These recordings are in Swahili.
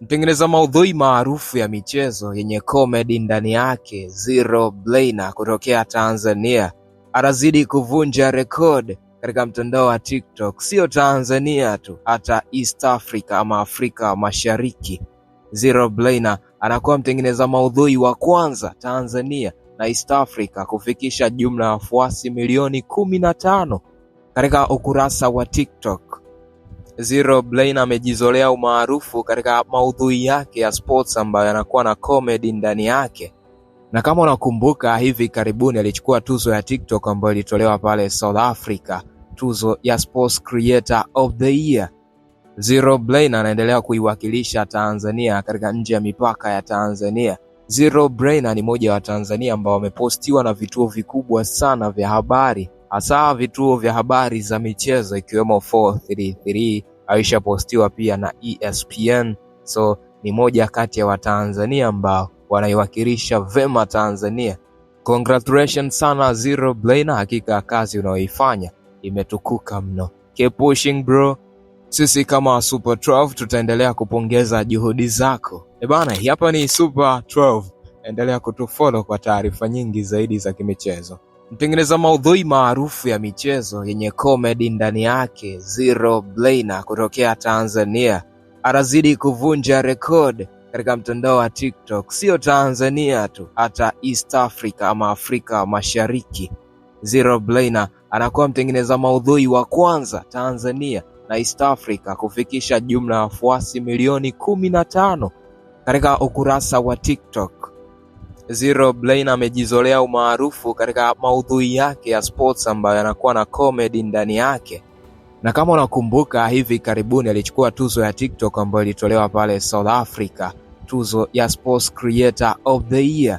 Mtengeneza maudhui maarufu ya michezo yenye komedi ndani yake Zero Blainer kutokea Tanzania anazidi kuvunja rekodi katika mtandao wa TikTok, sio Tanzania tu, hata East Africa ama Afrika Mashariki. Zero Blainer anakuwa mtengeneza maudhui wa kwanza Tanzania na East Africa kufikisha jumla ya wafuasi milioni kumi na tano katika ukurasa wa TikTok. Zero Brain amejizolea umaarufu katika maudhui yake ya sports ambayo yanakuwa na comedy ndani yake, na kama unakumbuka, hivi karibuni alichukua tuzo ya TikTok ambayo ilitolewa pale South Africa, tuzo ya Sports Creator of the Year. Zero Brain anaendelea kuiwakilisha Tanzania katika nje ya mipaka ya Tanzania. Zero Brain ni moja wa Tanzania ambao wamepostiwa na vituo vikubwa sana vya habari, hasa vituo vya habari za michezo ikiwemo 433 aishapostiwa pia na ESPN. So ni moja kati ya Watanzania ambao wanaiwakilisha vema Tanzania. Congratulations sana Zero Blaina, hakika kazi unayoifanya imetukuka mno. Keep pushing bro. Sisi kama Super 12 tutaendelea kupongeza juhudi zako. E bana, hapa ni Super 12. Endelea kutufollow kwa taarifa nyingi zaidi za kimichezo. Mtengeneza maudhui maarufu ya michezo yenye komedi ndani yake Zero Blainer kutokea Tanzania anazidi kuvunja rekodi katika mtandao wa TikTok, sio Tanzania tu, hata East Africa ama Afrika Mashariki. Zero Blainer anakuwa mtengeneza maudhui wa kwanza Tanzania na East Africa kufikisha jumla ya wafuasi milioni kumi na tano katika ukurasa wa TikTok. Zero Brain amejizolea umaarufu katika maudhui yake ya sports ambayo yanakuwa na comedy ndani yake, na kama unakumbuka, hivi karibuni alichukua tuzo ya TikTok ambayo ilitolewa pale South Africa, tuzo ya Sports Creator of the Year.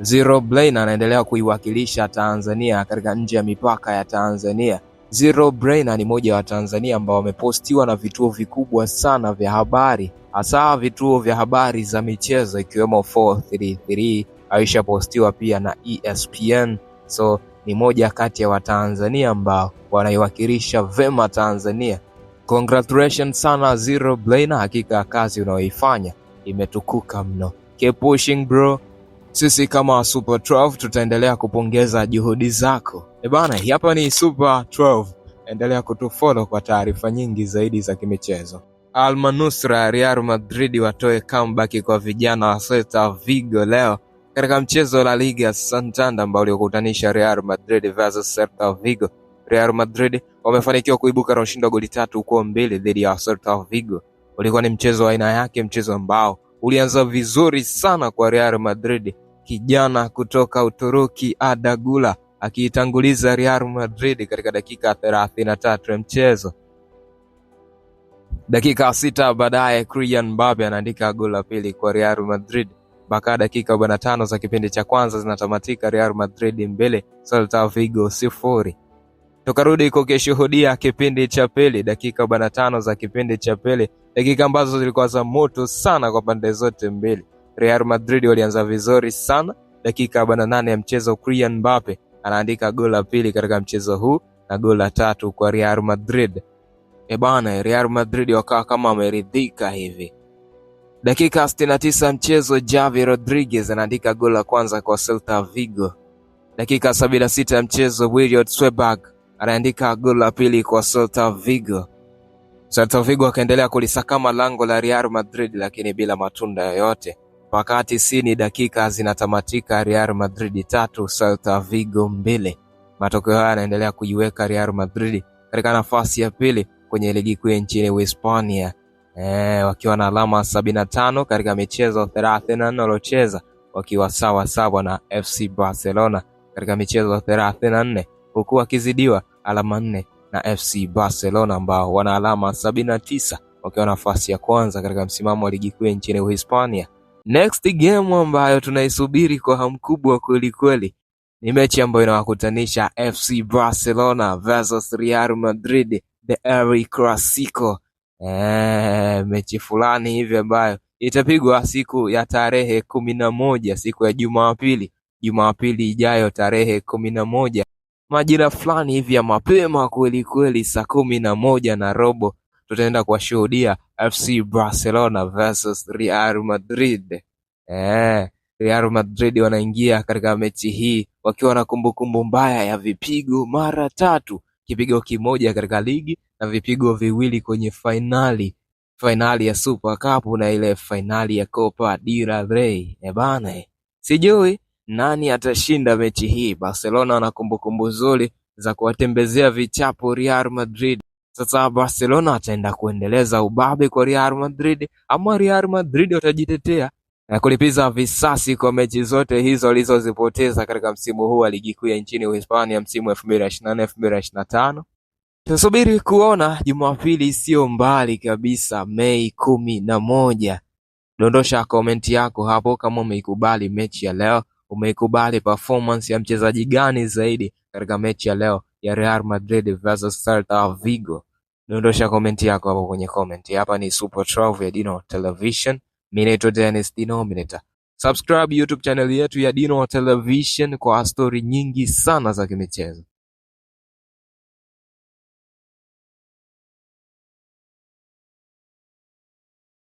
Zero Brain anaendelea kuiwakilisha Tanzania katika nje ya mipaka ya Tanzania. Zero Brain ni moja wa Tanzania ambao wamepostiwa na vituo vikubwa sana vya habari hasa vituo vya habari za michezo ikiwemo 433 aishapostiwa pia na ESPN. So ni moja kati ya Watanzania ambao wanaiwakilisha vema Tanzania. Congratulations sana Zero Blaina, hakika kazi unayoifanya imetukuka mno. Keep pushing bro. Sisi kama Super 12 tutaendelea kupongeza juhudi zako. E bana, hapa ni Super 12. Endelea kutufollow kwa taarifa nyingi zaidi za kimichezo almanusra Real Madrid watoe comeback kwa vijana wa Celta Vigo leo katika mchezo la Liga Santander ambao uliokutanisha Real Madrid vs Celta Vigo. Real Madrid wamefanikiwa kuibuka na ushindi wa goli tatu kwa mbili dhidi ya Celta Vigo. Ulikuwa ni mchezo wa aina yake, mchezo ambao ulianza vizuri sana kwa Real Madrid. Kijana kutoka Uturuki adagula Güler akiitanguliza Real Madrid katika dakika thelathini na tatu ya mchezo. Dakika sita baadaye Kylian Mbappe anaandika goli la pili kwa Real Madrid. Mpaka dakika 45 tano za kipindi cha kwanza zinatamatika Real Madrid mbele Celta Vigo sifuri. Tukarudi kukishuhudia kipindi cha pili, dakika 45 tano za kipindi cha pili, dakika ambazo zilikuwa za moto sana kwa pande zote mbili. Real Madrid walianza vizuri sana. Dakika 48 nane ya mchezo Kylian Mbappe anaandika goli la pili katika mchezo huu na goli la tatu kwa Real Madrid e bana, real madrid wakawa kama wameridhika hivi dakika 69 mchezo javi rodriguez anaandika goli la kwanza kwa celta vigo dakika 76 ya mchezo williard sweberg anaandika goli la pili kwa celta vigo celta vigo akaendelea kulisakama lango la real madrid lakini bila matunda yoyote mpaka tisini dakika zinatamatika real madrid tatu celta vigo mbili matokeo haya yanaendelea kuiweka real madrid katika nafasi ya pili kwenye ligi kuu nchini Uhispania e, eh, wakiwa na alama 75 katika michezo 34 waliocheza wakiwa sawa sawa na FC Barcelona katika michezo 34 huku wakizidiwa alama nne na FC Barcelona ambao wana alama 79 wakiwa nafasi ya kwanza katika msimamo wa ligi kuu nchini Uhispania. Next game ambayo tunaisubiri kwa hamu kubwa kwelikweli ni mechi ambayo inawakutanisha FC Barcelona versus Real Madrid the el clasico eh, mechi fulani hivi ambayo itapigwa siku ya tarehe kumi na moja siku ya Jumapili, Jumapili ijayo tarehe kumi na moja majira fulani hivi ya mapema kweli kweli, saa kumi na moja na robo tutaenda kuwashuhudia FC Barcelona versus Real Madrid. Eh, Real Madrid wanaingia katika mechi hii wakiwa na kumbukumbu mbaya ya vipigo mara tatu kipigo kimoja katika ligi na vipigo viwili kwenye fainali fainali ya Super Cup na ile fainali ya Copa del Rey. Eh bana, eh. sijui nani atashinda mechi hii. Barcelona wana kumbukumbu nzuri za kuwatembezea vichapo Real Madrid. Sasa Barcelona ataenda kuendeleza ubabe kwa Real Madrid ama Real Madrid watajitetea? na kulipiza visasi kwa mechi zote hizo alizozipoteza katika msimu huu wa ligi kuu ya nchini Uhispania msimu 2024 2025. Tusubiri kuona Jumapili sio mbali kabisa, Mei kumi na moja. Dondosha komenti yako hapo, kama umeikubali mechi ya leo, umeikubali performance ya mchezaji gani zaidi katika mechi ya leo ya Real Madrid versus Celta Vigo. Dondosha komenti yako hapo kwenye komenti. Hapa ni Super 12 ya Dino Television naitwa Dennis Dino Subscribe YouTube channel yetu ya Dino Television kwa stori nyingi sana za kimichezo.